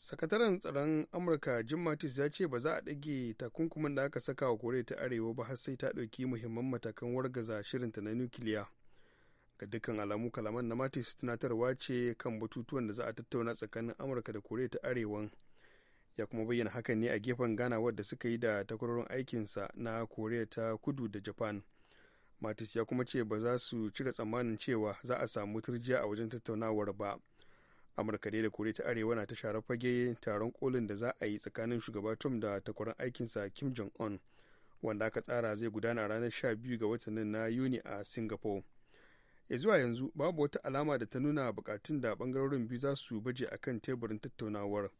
sakataren tsaron amurka jim matis ya ce ba za a ɗage takunkumin da aka saka wa koriya ta arewa ba har sai ta ɗauki muhimman matakan wargaza shirinta na nukiliya ga dukkan alamu kalaman na matis tunatarwa ce kan batutuwan da za a tattauna tsakanin amurka da koriya ta arewan ya kuma bayyana hakan ne a gefen ghana wadda suka yi da takwarorin aikinsa na koriya ta kudu da japan matis ya kuma ce ba za su cire tsammanin cewa za a samu turjiya a wajen tattaunawar ba amurka dai da kore ta arewa na ta share fage taron kolin da za a yi tsakanin shugaba trump da takwaran aikinsa kim jong un wanda aka tsara zai gudana ranar 12 ga watan na yuni a singapore ya zuwa yanzu babu wata alama da ta nuna bukatun da bangarorin biyu za su baje a kan teburin tattaunawar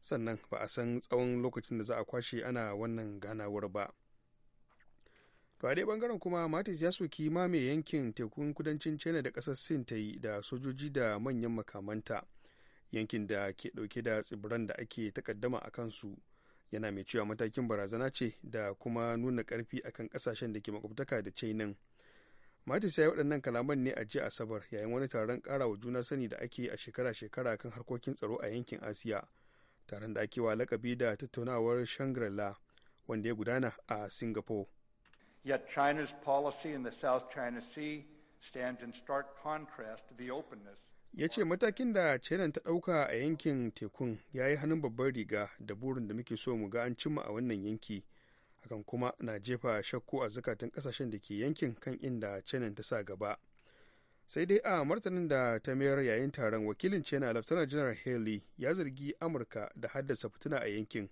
sannan ba a san tsawon lokacin da za a kwashe ana wannan ganawar ba to dai bangaren kuma matis ya soki mame yankin tekun kudancin china da kasar sin ta yi da sojoji da manyan makamanta yankin da ke dauke da tsibiran da ake takaddama a kansu yana mai cewa matakin barazana ce da kuma nuna karfi akan kasashen da ke makwabtaka da chainan matis ya yi waɗannan kalaman ne a jiya asabar yayin wani taron wa juna sani da ake a shekara-shekara kan harkokin tsaro a yankin asiya taron da ake wa lakabi da tattaunawar shangri-la wanda ya gudana a singapore yet china's policy in the south china sea stands in stark contrast to the openness ya ce matakin da china ta ɗauka a yankin tekun ya yi hannun babbar riga da burin da muke so mu ga an cimma a wannan yanki hakan kuma na jefa shakku a zukatan kasashen da ke yankin kan inda china ta sa gaba sai dai a martanin da ta mayar yayin taron wakilin china laftanar general haley ya zargi amurka da haddasa fituna a yankin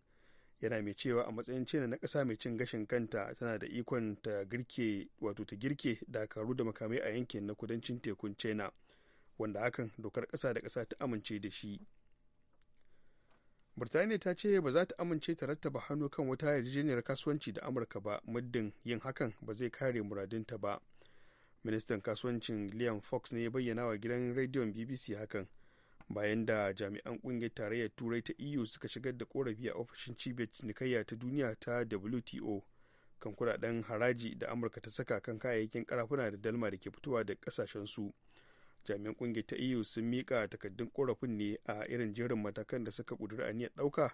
yana mai cewa a matsayin china na kasa mai cin gashin kanta tana da ikon ta girke wato ta girke dakaru da makamai a yankin na kudancin tekun china wanda hakan dokar ƙasa da ƙasa ta amince da shi birtaniya ta ce ba za ta amince ta rattaba hannu kan wata yarjejeniyar kasuwanci da amurka ba muddin yin hakan ba zai kare muradinta ba ministan kasuwancin liam fox ne ya bayyana wa gidan rediyon bbc hakan bayan da jami'an kungiyar tarayyar turai ta eu suka shigar da korafi a ofishin cibiyar cinikayya ta duniya ta wto kan kudaden haraji da amurka ta saka kan kayayyakin karafuna da dalma da ke fitowa da kasashen su jami'an kungiyar ta eu sun mika takaddun korafin ne a irin jerin matakan da suka a niyyar ɗauka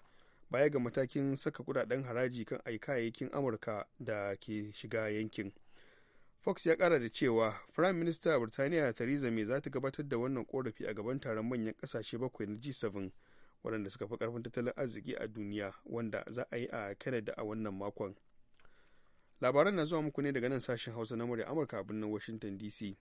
baya ga matakin saka kudaden haraji kan ai kayayyakin amurka da ke shiga yankin fox ya kara da cewa prime minister birtaniya theresa may za ta gabatar da wannan korafi a gaban taron manyan kasashe bakwai na g7 waɗanda suka fi karfin tattalin arziki a duniya wanda za a yi a canada a wannan makon labaran na zuwa muku ne daga nan sashen hausa na murya amurka a birnin washington dc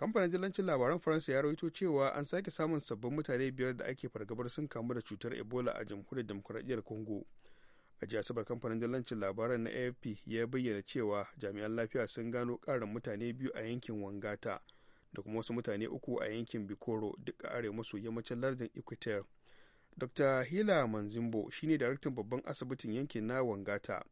kamfanin dillancin labaran faransa ya rawaito cewa an sake samun sabbin mutane biyar da ake fargabar sun kamu da cutar ebola a jamhuriyar demokuraɗiyyar congo a jiya asabar kamfanin dillancin labaran na afp ya bayyana cewa jami'an lafiya sun gano ƙarin mutane biyu a yankin wangata da kuma wasu mutane uku a yankin bikoro duk a arewa maso yammacin lardin equateur dr hila manzimbo shine daraktan babban asibitin yankin na wangata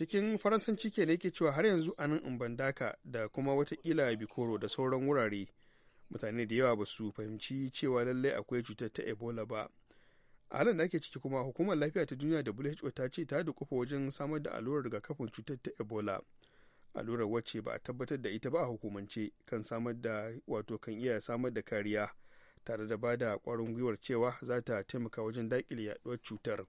cikin faransanci ke ne ke cewa har yanzu a nan bandaka da kuma watakila bikoro da sauran wurare mutane da yawa ba su fahimci cewa lallai akwai cutar ta ebola ba a halin da ake ciki kuma hukumar lafiya ta duniya who ta ce ta dukufa wajen samar da allurar rigakafin cutar ta ebola allurar wacce ba a tabbatar da ita ba a hukumance kan samar da wato kan iya samar da kariya tare da ba da kwarin gwiwar cewa za ta taimaka wajen daƙile yaɗuwar cutar.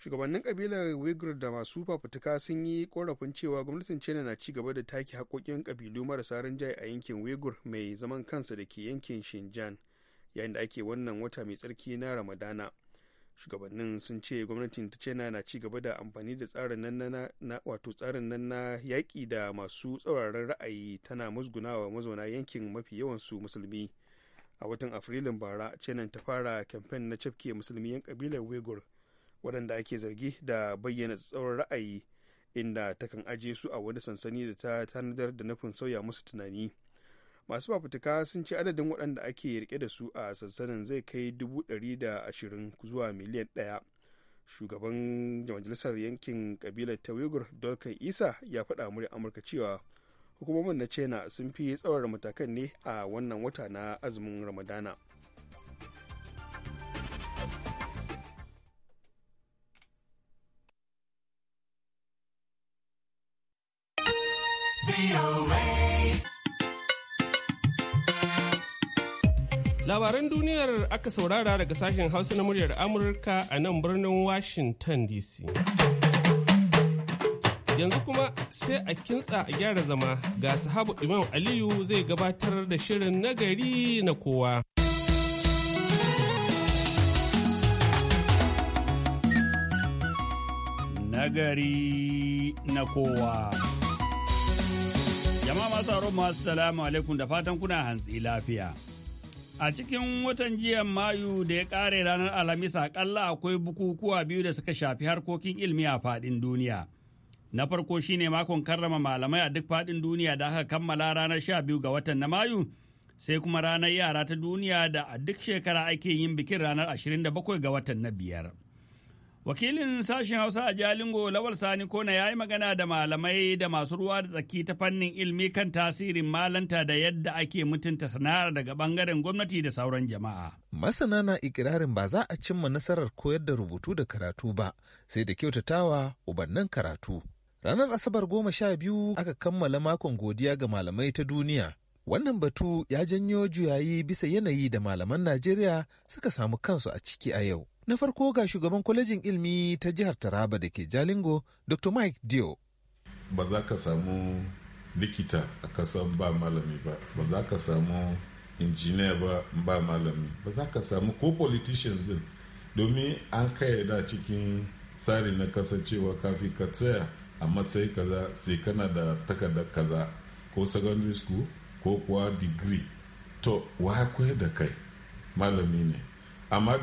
shugabannin kabilar uighur da masu fafutuka sun yi korafin cewa gwamnatin china na ci gaba da take haƙoƙin kabilu marasa rinjaye a yankin uighur mai zaman kansa da ke yankin shinjan yayin da ake wannan wata mai tsarki na ramadana shugabannin sun ce gwamnatin ta china na ci gaba da amfani da tsarin nan na wato tsarin nan na yaƙi da masu tsauraran ra'ayi tana musgunawa mazauna yankin mafi yawansu musulmi a watan afrilun bara china ta fara kamfen na cafke musulmi yan kabilar uighur. waɗanda ake zargi da bayyana tsawon ra'ayi inda takan aje su a wani sansani da ta tanadar da nufin sauya musu tunani masu fafutuka sun ci adadin waɗanda ake rike da su a sansanin zai kai dubu ɗari da ashirin zuwa miliyan ɗaya shugaban majalisar yankin kabilar ta uyghur dolkan isa ya faɗa murya amurka cewa hukumomin na china sun fi tsawar matakan ne a wannan wata na azumin ramadana Labaran duniyar aka saurara daga sashen Hausa na muryar Amurka a nan birnin Washington DC. Yanzu kuma sai a kintsa a gyara zama ga sahabu Imam Aliyu zai gabatar da shirin nagari na kowa. Nagari na kowa. Jama'a masu masu salamu alaikum da fatan kuna hantsi lafiya. A cikin watan jiya Mayu da ya ƙare ranar Alhamis akalla akwai bukukuwa biyu da suka shafi harkokin ilmi a faɗin duniya. Na farko shine makon karrama malamai a duk faɗin duniya da aka kammala ranar sha biyu ga watan na Mayu, sai kuma ranar yara ta duniya da a duk shekara ake yin bikin ranar 27 ga watan na biyar. Wakilin sashen Hausa a Jalingo Lawal Sani Kona ya yi magana da malamai da masu ruwa da tsaki ta fannin ilmi kan tasirin malanta da yadda ake mutunta sana'ar daga bangaren gwamnati da sauran jama'a. Masana na ikirarin ba za a cimma nasarar koyar da rubutu da karatu ba sai da kyautatawa ubannin karatu. Ranar Asabar goma sha biyu aka kammala makon godiya ga malamai ta duniya. Wannan batu ya janyo juyayi bisa yanayi da malaman Najeriya suka samu kansu a ciki a yau. Na farko ga shugaban kwalejin ilmi ta jihar Taraba da ke Jalingo, Dr. Mike Dio. Ba za ka samu likita a kasan ba malami ba, ba za ka samu injiniya ba ba malami, ba za ka samu ko politicians din domin an kayyada cikin tsari na kasancewa kafi ka tsaya a matsayi kaza sai kana da takarda kaza ko secondary school ko kuwa digiri to wa koyar da kai malami ne amma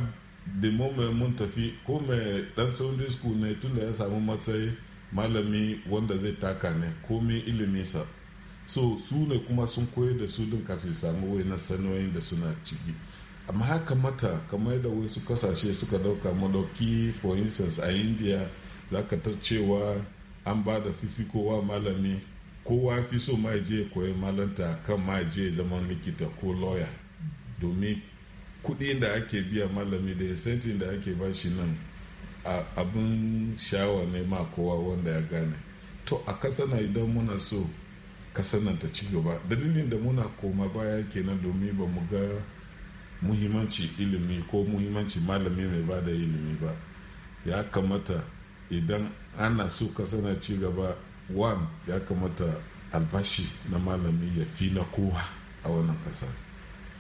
da mun tafi ko mai dan secondary school ne tunda ya samu matsayi malami wanda zai taka ne komi iliminsa so su ne kuma sun koyar da su din kafin samu na sanoyin da suna ciki amma haka mata kamar yadda wasu kasashe suka dauka madauki for instance a india za ka ta cewa an ba da fifikowa malami kowa fi so ma je koyi malanta kan ma je zaman likita ko lawyer domin kuɗi da ake biya malami da senti da ake ba shi nan abin sha'awa ne ma kowa wanda ya gane to a kasa na idan muna so kasar nan ta ci gaba dalilin da muna koma baya kenan domin ba mu ga muhimmanci ilimi ko muhimmanci malami mai ba da ilimi ba ya kamata idan ana so kasana na ci gaba one ya kamata albashi na malami ya fi na kowa a wannan kasa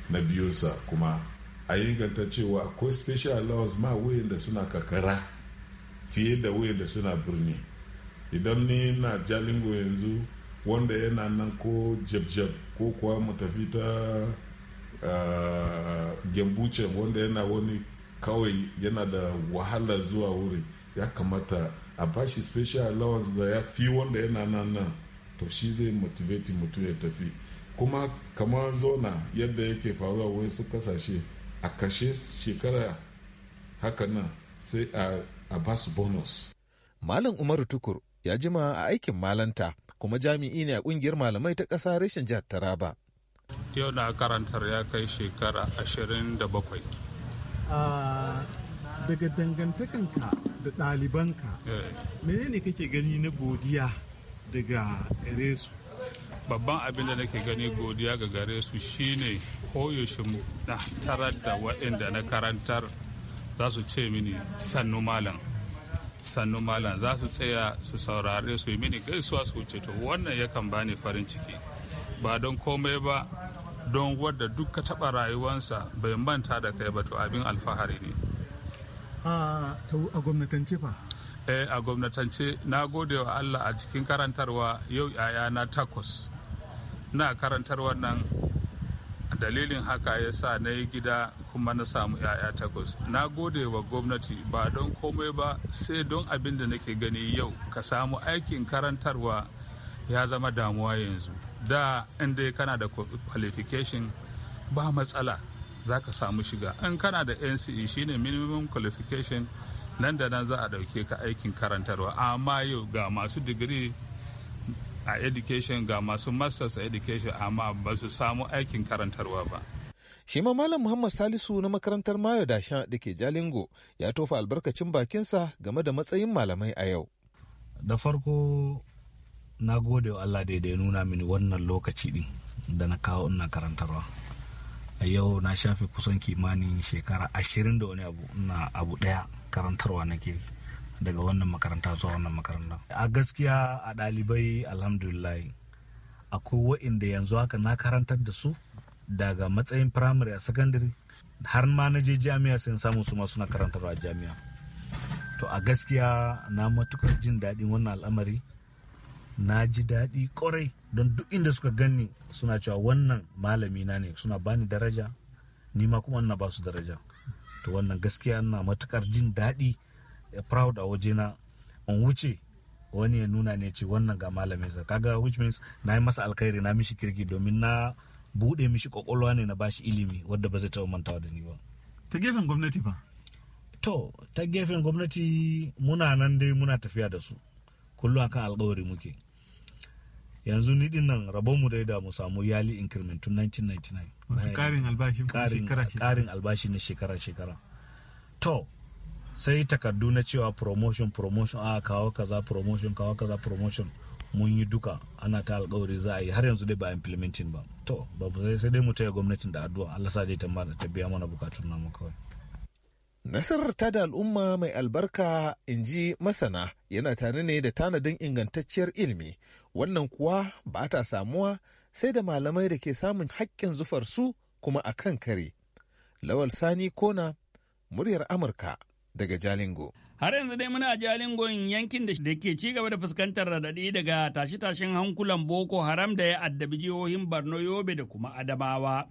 na biyu sa kuma a yi inganta cewa akwai special allowance ma wayan da suna kakara fiye da wayan da suna birni idan ni na jalingo yanzu wanda yana nan ko jabjab ko kuwa mu tafi ta uh, gembuce wanda yana wani kawai yana da wahala zuwa wuri ya kamata a bashi special allowance da ya fi wanda yana nan nan to shi zai motivate mutum ya tafi kuma kamar zona yadda yake faruwa wani su kasashe a kashe shekara haka nan sai a ba su bonus. Malam Umaru Tukur ya jima a aikin malanta kuma jami'i ne a kungiyar malamai ta ƙasa reshen jihar Taraba. Yau na karantar ya kai shekara ashirin da bakwai. Ah, daga dangantakanka da ɗalibanka, eh. menene kake gani na godiya daga gare su? babban abin da nake gani godiya ga gare su shine koyaushe na tarar da waɗanda na karantar za su ce mini sannu malam sannu malam za su tsaya su saurare su yi mini gaisuwa su wuce to wannan yakan bani farin ciki ba don komai ba don wadda duk taɓa rayuwansa bai manta da kai ba to abin alfahari ne a gwamnatance eh a gwamnatance na gode wa Allah a cikin karantarwa yau yaya na takwas na karantar wannan dalilin haka ya sa na yi gida kuma na samu 'ya'ya takwas na gode wa gwamnati ba don komai ba sai don abin da nake gani yau ka samu aikin karantarwa ya zama damuwa yanzu da inda kana da qualification ba matsala za ka samu shiga in kana da nce shine minimum qualification nan da nan za a ɗauke ka aikin karantarwa amma yau ga masu digiri a education ga masu masters education amma ba su samu aikin karantarwa ba shi ma malam muhammad salisu na makarantar mayo dasha da ke jalingo ya tofa albarkacin bakinsa game da matsayin malamai a yau da farko na gode wa allah da ya nuna mini wannan lokaci din da na kawo ina karantarwa a yau na shafe kusan kimanin shekara ashirin da wani abu ina abu daya karantarwa nake daga wannan makaranta zuwa wannan makaranta a gaskiya a ɗalibai alhamdulillah akwai wa'inda yanzu haka na karantar da su daga matsayin firamare a sakandare har ma na je jami'a sai samu su masu na karantarwa a jami'a to a gaskiya na matukar jin daɗin wannan al'amari na ji daɗi ƙwarai don duk inda suka gani suna cewa wannan malami na ne suna bani daraja ni ma kuma na ba su daraja to wannan gaskiya na matukar jin daɗi proud a wajena in wuce wani ya nuna ne ce wannan ga malamin sa kaga which means na yi masa alkhairi na mishi kirki domin na bude mishi kwakwalwa ne na bashi ilimi wadda ba zai taɓa mantawa da ni ba ta gefen gwamnati ba to ta gefen gwamnati muna nan dai muna tafiya da su kullum akan alkawari muke yanzu ni din nan rabon mu dai da mu samu yali increment tun 1999 karin albashi na shekara shekara to sai takardu na cewa promotion promotion a kawo kaza promotion kawo kaza promotion mun yi duka ana ta alkawari za a yi har yanzu dai ba implementing ba to ba sai dai mu taya gwamnatin da addu'a Allah sa dai ta biya mana bukatun namu kawai Nasarar ta da al'umma mai albarka in ji masana yana tare ne da tanadin ingantacciyar ilimi wannan kuwa ba ta samuwa sai da malamai da ke samun haƙƙin zufarsu kuma a kan kare. Lawal Sani Kona, muryar Amurka daga Jalingo. Har yanzu dai muna Jalingon yankin da ke ci gaba da fuskantar radadi daga tashe-tashen hankulan Boko Haram da ya addabi jihohin Borno Yobe da kuma Adamawa.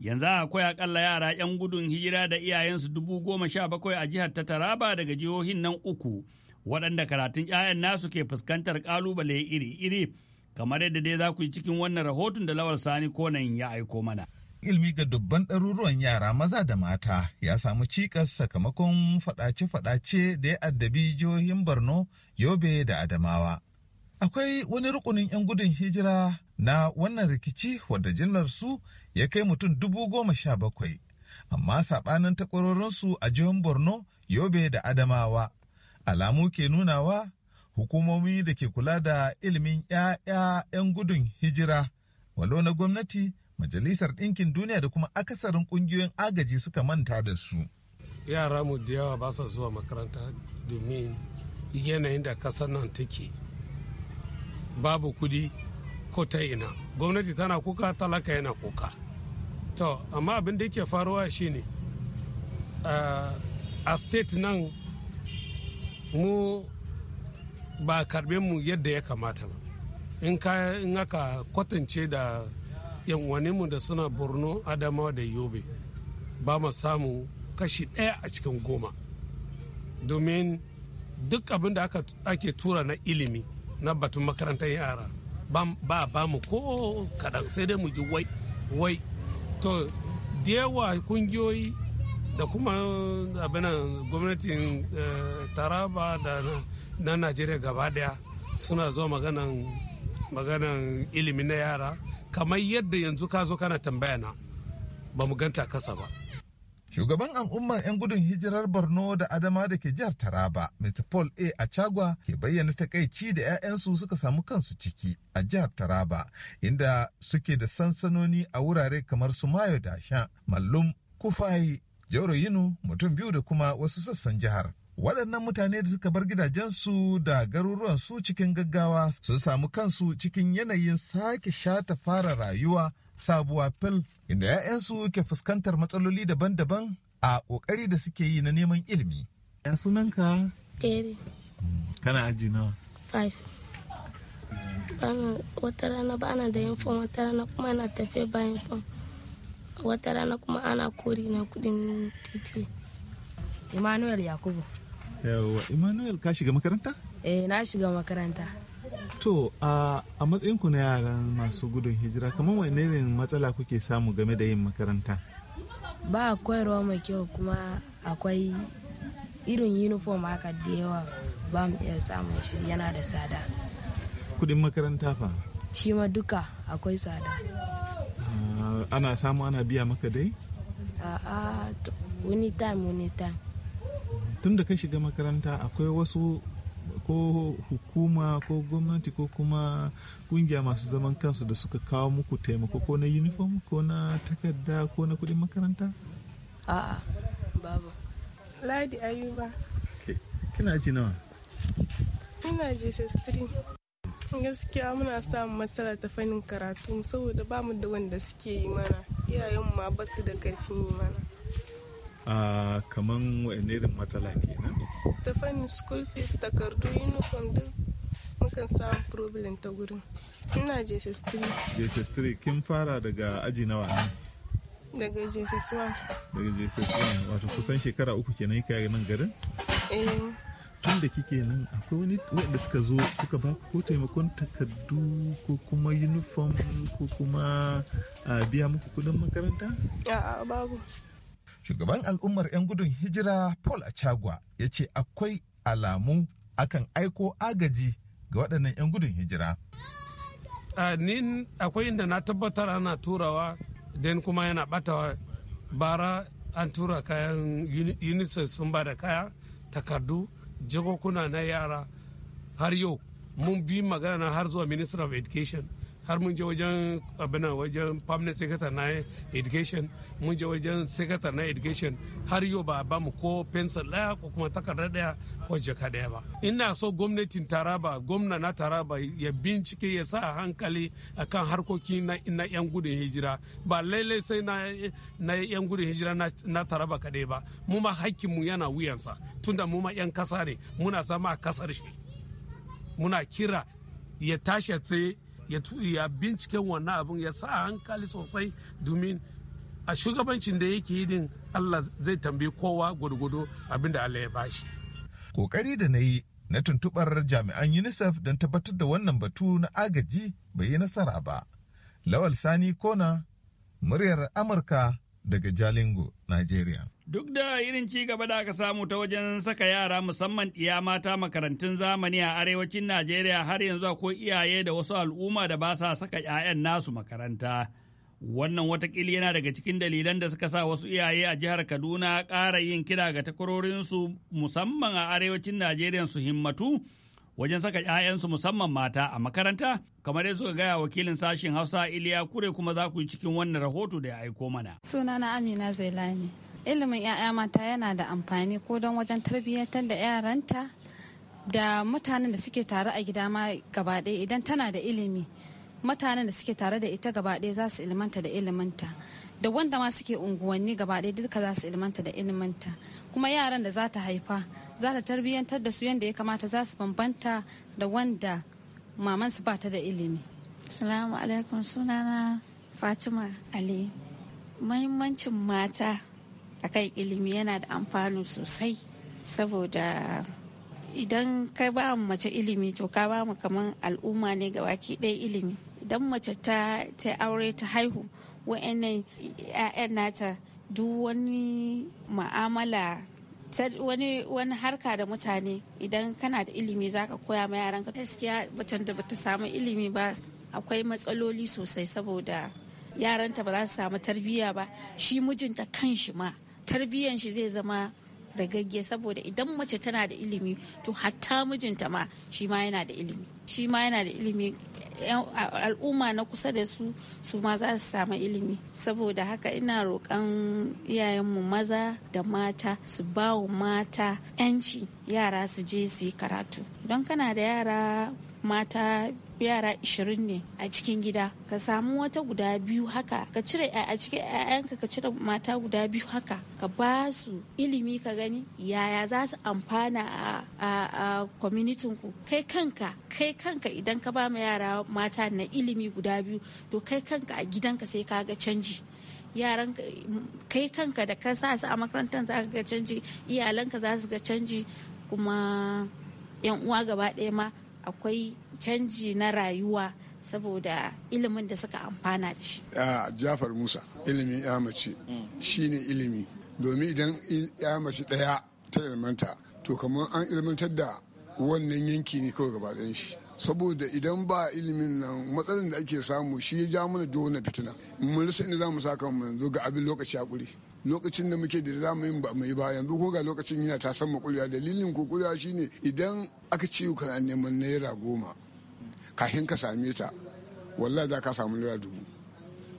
Yanzu akwai akalla yara 'yan gudun hijira da iyayensu dubu goma sha bakwai a jihar ta Taraba daga jihohin nan uku, waɗanda karatun 'ya'yan nasu ke fuskantar ƙalubale iri-iri, kamar yadda dai za ku yi cikin wannan rahoton da Lawal Sani Konan ya aiko mana. ilmi ga dubban ɗaruruwan yara maza da mata ya samu cikas sakamakon faɗace-faɗace da ya addabi jihohin Borno, Yobe da Adamawa. Akwai wani rukunin 'yan gudun hijira na wannan rikici wadda jillar su ya kai mutum dubu goma sha bakwai, amma saɓanin takwarorinsu a jihohin Borno, Yobe da Adamawa. Alamu ke nunawa hukumomi da ke kula da ilimin 'ya'ya 'yan gudun hijira, walo na gwamnati Majalisar Ɗinkin Duniya da kuma akasarin ƙungiyoyin agaji suka manta da su. Yara mu da yawa ba sa zuwa makaranta domin yanayin da ƙasar nan take. Babu kuɗi ko ta ina. Gwamnati tana kuka talaka yana kuka. To, amma abin da yake faruwa shine eh, a state nan mu ba karbe mu yadda ya kamata ba. In aka kwatance da mu da suna borno adamawa da yobe ba mu samu kashi ɗaya a cikin goma domin duk abin da ake tura na ilimi na batun makarantar yara ba ba mu ko kaɗan sai dai mu ji wai wai to da yawa kungiyoyi da kuma abin gwamnatin eh, taraba da na najeriya gaba daya suna zuwa maganan maganan ilimi na yara kamar yadda yanzu ka zo kana tambaya na ba mu ganta kasa ba Shugaban al'umma 'yan gudun hijirar Borno da Adama da ke jihar Taraba, Mr. Paul A. Achagua ke bayyana takaici da 'ya'yansu suka samu kansu ciki a jihar Taraba, inda suke da sansanoni a wurare kamar su Mayo Dasha, Mallum, Kufayi, Jauro Yinu, mutum biyu da kuma wasu sassan jihar. waɗannan mutane da suka bar gidajensu da garuruwansu cikin gaggawa sun samu kansu cikin yanayin sake shata fara rayuwa sabuwa fil inda 'ya'yansu ke fuskantar matsaloli daban-daban a ƙoƙari da suke yi na neman ilimi. ya sunanka? Jerry. kana aji nawa? five wata rana ba ana da yin fom wata rana kuma ana tafiya bayan fom wata rana kuma ana kori na kudin pt emmanuel yakubu yawa emmanuel ka shiga makaranta eh na shiga makaranta to a matsayin ku na yaran masu gudun hijira kamar wani ne matsala kuke samu game da yin makaranta ba koyarwa mai kyau kuma akwai irin uniform haka da yawa ba mu iya samun shi yana da tsada kudin makaranta fa shi ma duka akwai tsada ana samu ana biya maka dai a'a wani time wani time tun da ka shiga makaranta akwai wasu ko hukuma ko gwamnati ko kuma kungiya masu zaman kansu da suka kawo muku taimako ko na uniform ko na takarda ko na kudin makaranta? a'a babu ladi ayuba kina ji nawa ina ji 63 gaskiya muna samun matsala ta fannin karatu saboda bamu da wanda suke yi mana iyayen ma basu da karfin yi mana kaman wa'in irin matsala ke nan? ta fannin school fees takardu uniform duk mukan samu problem ta gurin ina jss 3 jss 3 kin fara daga aji nawa nan? daga jss 1 daga jss 1 wato kusan shekara uku kenan kaya nan garin eh tun da kike nan akwai wani wanda suka zo suka ba ko taimakon takardu ko kuma uniform ko kuma biya muku kudin makaranta? A'a babu. shugaban al'ummar 'yan gudun hijira paul achagua ya ce akwai alamu akan aiko agaji ga waɗannan 'yan gudun hijira ni akwai inda na tabbatar ana turawa den kuma yana batawa bara an tura kayan unicef sun ba da kaya takardu jagokuna na yara har yau mun bi magana har zuwa minister of education har mun je wajen abin wajen permanent secretary na education mun je wajen secretary na education har yau ba ba mu ko pencil daya ko kuma takardar daya ko jaka daya ba ina so gwamnatin taraba gwamna na taraba ya bincike ya sa hankali akan harkoki na na yan gudun hijira ba lailai sai na na yan gudun hijira na, taraba kadai ba mu ma hakkin mu yana wuyansa tunda mu ma yan kasa ne muna sama a kasar shi muna kira ya tashi tsaye ya binciken wannan abin ya sa hankali sosai domin a shugabancin da yake yi din Allah zai tambayi kowa gwargwado abin da Allah ya bashi. Kokari da na yi na tuntubar jami'an UNICEF don tabbatar da wannan batu na agaji bai yi nasara ba. Lawal Sani Kona, muryar Amurka daga Jalingo, Nigeria. Duk da irin ci gaba da aka samu ta wajen saka yara musamman ɗiya mata makarantun zamani a arewacin Najeriya har yanzu akwai iyaye da wasu al'umma da ba sa saka 'ya'yan nasu makaranta. Wannan watakili yana daga cikin dalilan da suka sa wasu iyaye a jihar Kaduna ƙara yin kira ga takwarorinsu musamman a arewacin Najeriya su himmatu wajen saka 'ya'yansu musamman mata a makaranta kamar yadda suka gaya wakilin sashen hausa iliya kure kuma za ku yi cikin wannan rahoto da ya aiko mana sunana amina zailani ilimin 'ya'ya mata yana da amfani ko don wajen tarbiyyantar da yaranta da mutanen da suke tare a gida ma gaba ɗaya idan tana da ilimi mutanen da suke tare da ita gaba ɗaya za su ilmanta da iliminta da wanda ma suke unguwanni gaba ɗaya duka za su ilmanta da iliminta kuma yaran da za ta haifa za ta tarbiyyantar da su yadda ya kamata za su bambanta da wanda mamansu ba ta da ilimi. Salamu alaikum sunana Fatima Ali. Mahimmancin mata a kan ilimi yana da amfani sosai saboda idan ka ba mace ilimi to ka ba mu kaman al'umma ne ga baki ɗaya ilimi idan mace ta ta aure ta haihu wa'annan 'ya'yan nata duk wani ma'amala wani wani harka da mutane idan kana da ilimi zaka koya ma yaranka gaskiya bacin da bata samu ilimi ba akwai matsaloli sosai saboda yaranta ba za su samu tarbiyya ba shi mijinta kanshi ma tarbiyyan shi zai zama ragagge saboda idan mace tana da ilimi to hatta mijinta ma shi ma yana da ilimi shi ma yana da ilimi al'umma na kusa da su su ma za su samu ilimi saboda haka ina roƙon iyayenmu maza da mata su ba wa mata 'yanci yara su je su yi karatu don kana da yara mata yara 20 ne a cikin gida ka samu wata guda biyu haka ka cire a cikin 'ya'yanka ka cire mata guda biyu haka ka ba su ilimi ka gani yaya za su amfana a kwaminitin ku kai kanka kai kanka idan ka ba ma yara mata na ilimi guda biyu to kai kanka a gidanka sai ka ga canji yaran kai kanka da ka sa su a makarantar za ka ga canji iyalanka za su ga canji kuma yan uwa gaba ɗaya ma akwai canji na rayuwa saboda ilimin da suka amfana da shi. Jafar Musa ilimin ya mace ne ilimi domin idan ya mace ɗaya ta ilmanta to kamar an ilmantar da wannan yanki ne kawai gaba shi. saboda idan ba ilimin nan matsalar da ake samu shi ya ja mana da wannan fitina mun rasa inda zamu saka mu yanzu ga abin lokaci hakuri lokacin da muke da za mu yi ba mu yi ba yanzu ko ga lokacin yana ta san makulya dalilin ko kokuriya shine idan aka ci kana neman naira goma kafin ka same ta wallahi za ka samu naira dubu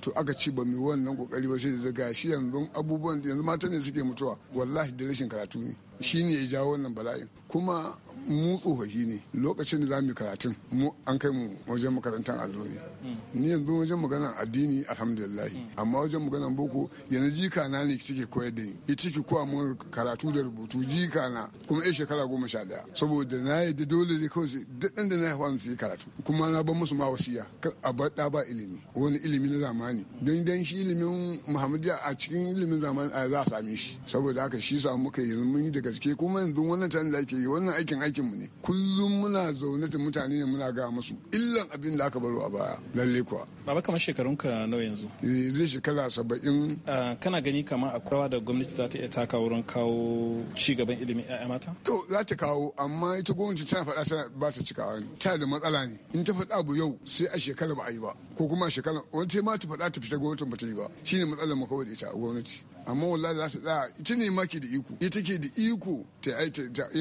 to aka ci ba mu wannan kokari ba sai da zaga shi yanzu abubuwan yanzu mata ne suke mutuwa wallahi da rashin karatu ne shine ya jawo wannan bala'in kuma mu tsofaffi ne lokacin da za mu karatun mu an kai mu wajen makarantar allo hmm. ni yanzu wajen magana addini alhamdulillah hmm. amma wajen magana boko yanzu jika na ne cike koyar da ni ita ke kowa mun karatu da rubutu jika na kuma ya shekara goma sha daya saboda na yi da dole ne kawai duk inda na haifa su yi karatu kuma na ban musu ma wasiya a baɗa ba ilimi wani ilimi na zamani don dan shi ilimin muhammadu a cikin ilimin zamani a za a same shi saboda haka shi samu muka yanzu mun yi da gaske kuma yanzu wannan tani wannan aikin arzikinmu ne kullum muna zaune da mutane ne muna gaya musu illan abin da aka baro a baya lalle kuwa baba kamar ka nawa yanzu eh, zai shekara saba'in ah, kana gani kamar akwai rawa da gwamnati za ta iya taka wurin kawo ci gaban ilimi a mata to za ta kawo amma ita gwamnati tana faɗa ba ta cikawa ne tana da matsala ne in ta faɗa abu yau sai a shekara ba a yi ba ko kuma shekara ta ma ta faɗa ta fita gwamnatin ba ta yi ba shine matsalar mu kawai da ita a gwamnati amma wallahi za su tsaya ita ne maki da iko ita ke da iko ta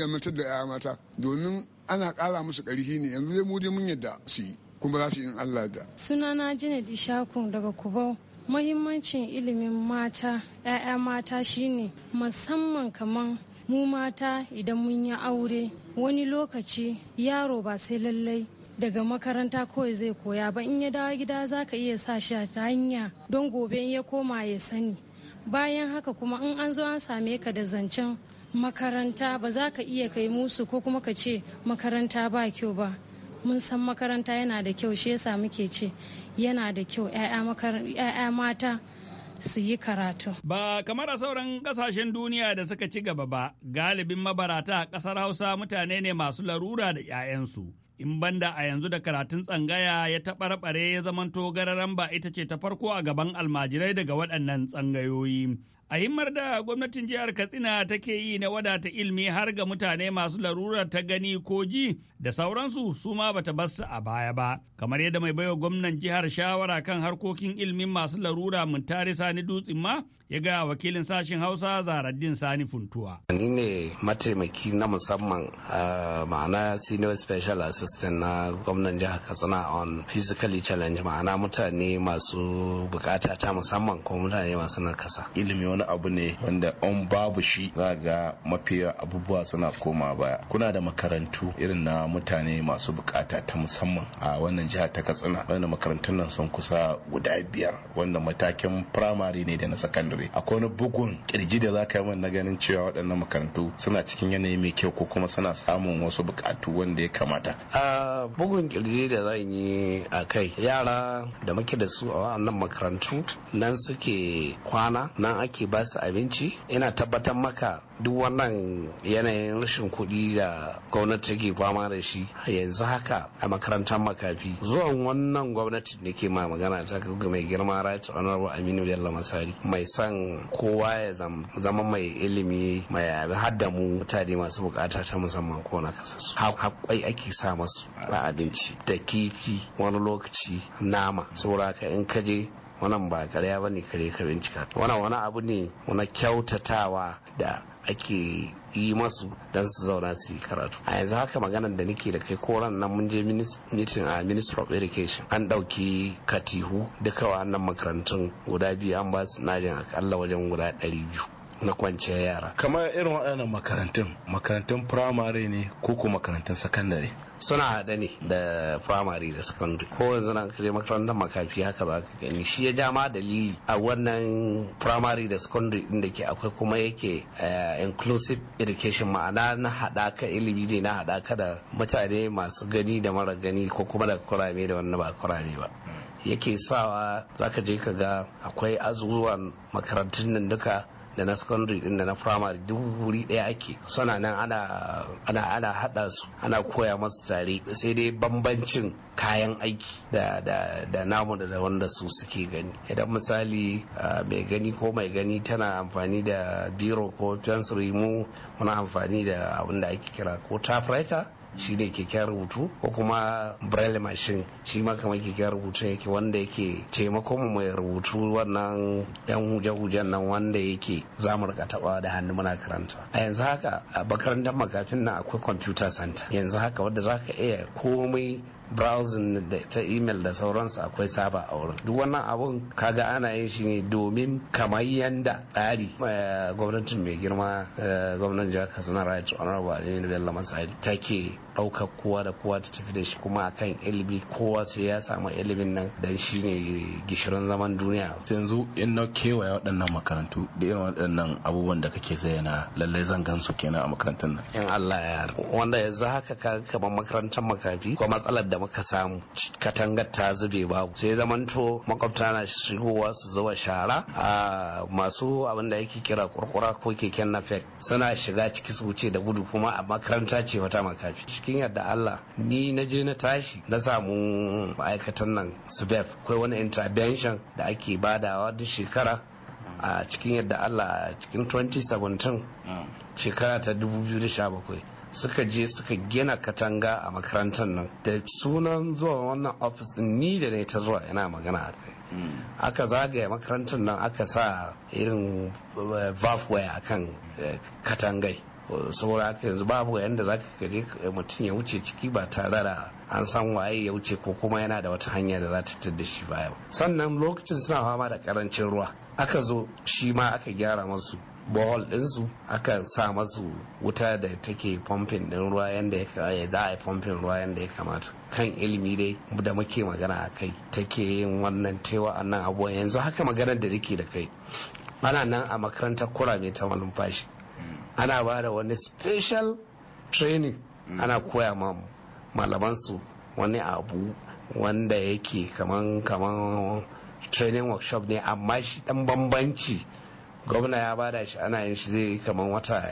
mutar da 'ya'ya mata domin ana kara musu karfi ne yanzu dai muje mun yadda su yi kuma za su yi in Allah da. Sunana Janet Ishaku daga Kubau. Muhimmancin ilimin mata, 'ya'ya mata shine musamman kaman mu mata idan mun yi aure wani lokaci yaro ba sai lallai daga makaranta kawai zai koya ba in ya dawo gida za ka iya sa shi a hanya don gobe ya koma ya sani bayan haka kuma in an zo an same ka da zancen makaranta ba za ka iya kai musu ko kuma ka ce makaranta ba kyau ba mun san makaranta yana da kyau shi yasa muke ce yana da kyau 'ya'ya mata su yi karatu. Ba kamar a sauran kasashen duniya da suka ci gaba ba, galibin mabarata a kasar Hausa mutane ne masu larura da 'ya'yansu. in banda a yanzu da karatun tsangaya ya taɓarɓare ya zamanto gararan ba ita ce ta farko a gaban almajirai daga waɗannan tsangayoyi. A himmar da gwamnatin jihar Katsina take yi na wadata ilimi har ga mutane masu larurar ta gani ko ji da sauransu su ma bata su a baya ba. Kamar yadda mai baiwa gwamnan jihar shawara kan harkokin ilmin masu larura tare Sani Dutsen ma ya ga wakilin sashen hausa zaraddin sani funtuwa ni ne mataimaki na musamman ma'ana senior special assistant na gwamnan jihar katsina on physically challenge ma'ana mutane masu bukata ta musamman ko mutane masu nakasa ilimi wani abu ne wanda on babu shi za ga mafi abubuwa suna koma baya kuna da makarantu irin na mutane masu bukata ta musamman a wannan jihar ta katsina wanda makarantun nan sun kusa guda biyar wanda matakin primary ne da na sakandare. secondary akwai wani bugun kirji da za ka yi na ganin cewa waɗannan makarantu suna cikin yanayi mai kyau ko kuma suna samun wasu buƙatu wanda ya kamata a bugun kirji da zan yi a kai yara da muke da su a wannan makarantu nan suke kwana nan ake ba su abinci ina tabbatar maka duk wannan yanayin rashin kuɗi da gwamnati take fama da shi yanzu haka a makarantar makafi zuwan wannan gwamnati da ke ma magana ta mai girma right honorable aminu bello masari mai sa son kowa ya zama mai ilimi mai yabi har da mu mutane masu bukata ta musamman ko na kasa su hakwai ake sa masu na abinci da kifi wani lokaci nama saboda in ka je wannan ba karya bane kare bincika cika wannan wani abu ne wani kyautatawa da ake yi masu don su zauna su yi karatu a yanzu haka maganar da nake da kai koran nan mun je meeting a minister of education an ɗauki katihu duka wannan makarantun guda biyu an ba su najin akalla wajen guda ɗari biyu na kwanciyar yara kamar irin waɗannan makarantun makarantun firamare ne ko ko makarantun sakandare suna hada ne da primary da secondary ko yanzu nan kaje makarantar makafi haka za ka gani shi ya ja ma dalili a wannan primary da secondary din da ke akwai kuma yake eh, inclusive education ma'ana na haɗaka ilimi ne na haɗaka da mutane masu gani da mara gani ko kuma da kurame da wanda ba kurame ba yake sawa zaka je ka ga akwai azuzuwan makarantun nan duka da na secondary din da na primary duk wuri ɗaya ake suna nan ana ana ana haɗa su ana koya masu tare sai dai bambancin kayan aiki da da da namu da wanda su suke gani idan misali mai gani ko mai gani tana amfani da biro ko pencil mu muna amfani da abin da ake kira ko typewriter shi da keken rubutu ko kuma braille machine shi ma kamar keken rubutu yake wanda yake taimakon mu mai rubutu wannan yan huje-hujen nan wanda yake za mu rika taba da hannu muna karanta a yanzu haka a makarantar makafin nan akwai computer center yanzu haka wanda za ka iya komai browsing da ta email da sauransu akwai saba a wurin duk wannan abun kaga ana yin shi ne domin kamar yanda tsari eh, gwamnatin mai girma eh, gwamnatin jihar kasana right honorable alhaji bello masai take ɗaukar kowa da kowa ta tafi da shi kuma akan ilimi kowa sai ya samu ilimin nan dan shi gishirin zaman duniya yanzu in na kewaya waɗannan makarantu da irin waɗannan abubuwan da kake zayyana lallai zan gan su kenan a makarantar nan in Allah ya wanda yanzu haka ka kamar makarantar makafi ko matsalar da muka samu katangar ta zube babu sai zamanto makwabta na shigowa su zuba shara a masu abin da yake kira kurkura ko keken nafek suna shiga ciki su wuce da gudu kuma a makaranta ce wata makafi cikin yadda Allah ni na je na tashi na samu ma'aikatan nan su bef akwai wani intervention da ake badawa duk shekara a cikin yadda Allah cikin 2017 ah. shekara ta 2017 suka je suka gina katanga a makarantar nan da sunan zuwa wannan ofis ni da ne ta zuwa yana magana a kai hmm. aka zagaya makarantar nan aka sa irin eh, valve a kan eh, katangai saboda aka yanzu babu yadda za ka kaje eh, mutum ya wuce ciki ba tare da an san waye ya wuce ko kuma yana da wata hanya da za ta fitar da shi baya sannan lokacin suna fama da karancin ruwa aka zo shi ma aka gyara masu bohol su akan sa masu wuta da take pumping ɗin ruwa yadda ya za a yi pumping ruwa yadda ya kamata kan ilimi dai da muke magana a kai take yin wannan tewa nan abuwa yanzu haka maganar da nake da kai ana nan a makarantar kura mai ta malumfashi ana ba da wani special training ana koya ma malamansu wani abu wanda yake kaman kaman training workshop ne amma shi dan bambanci gwamna ya bada shi ana yin shi zai kamar wata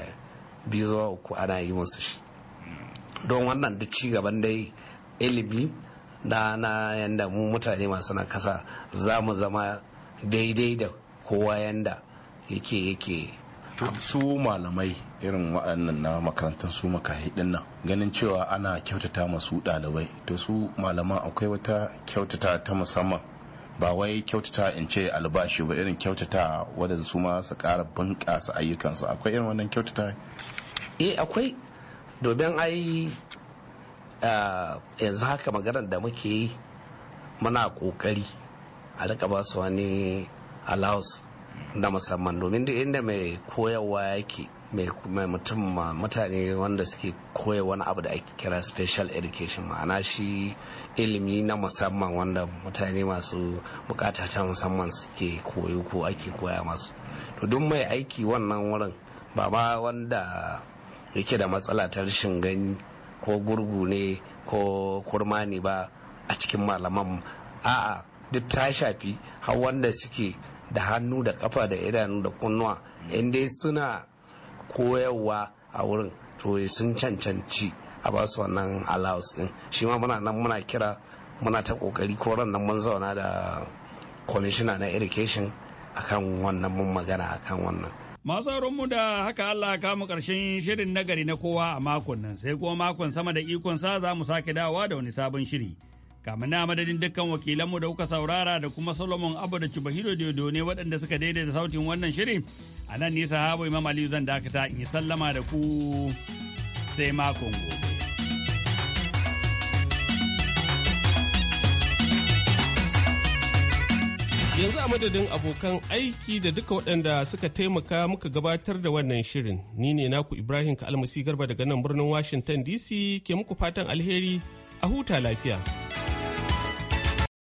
biyu zuwa uku ana yi musu shi don wannan duk ci gaban dai ilimi na na yanda mu mutane masu na kasa za mu zama daidai da kowa yanda yake yake su malamai irin waɗannan na makarantar su makahidin nan ganin cewa ana kyautata masu ɗalibai to su malaman akwai wata kyautata ta musamman ba wai kyautata in ce albashi ba irin kyautata wadda su ma su kara bunƙasa ayyukansu akwai irin wannan kyautata eh akwai domin ai yanzu haka maganar da muke yi muna ƙoƙari a rika ba su wani allowance na musamman domin duk inda mai koyarwa yake mai mutum mutane wanda suke koya wani abu da ake kira special education ma'ana shi ilimi na musamman wanda mutane masu bukata ta musamman suke koyo ko ake koya masu to duk mai aiki wannan wurin ba ma wanda yake da matsala ta rashin gani ko gurgu ne ko kurma ne ba a cikin malaman a'a duk ta shafi har wanda suke da hannu da kafa da idanu da kunnuwa in suna koyarwa a wurin to sun cancanci a ba su wannan allowance din shi ma muna nan muna kira muna ta kokari ko ran nan mun zauna da commissioner na education akan wannan mun magana akan wannan Masu mu da haka Allah ka mu karshen shirin nagari na kowa a makon nan sai kuma makon sama da ikon sa za mu sake dawowa da wani sabon shiri. Kamar na madadin dukkan wakilanmu da kuka saurara da kuma Solomon Abu da Chubahiro Dodo ne waɗanda suka daidaita sautin wannan shirin. A nan nisa habu Imam Aliyu zan dakata in yi sallama da ku sai makon gobe. yanzu a madadin abokan aiki da duka waɗanda suka taimaka muka gabatar da wannan shirin ni ne naku ibrahim ka Almasi garba daga nan birnin washington dc ke muku fatan alheri a huta lafiya.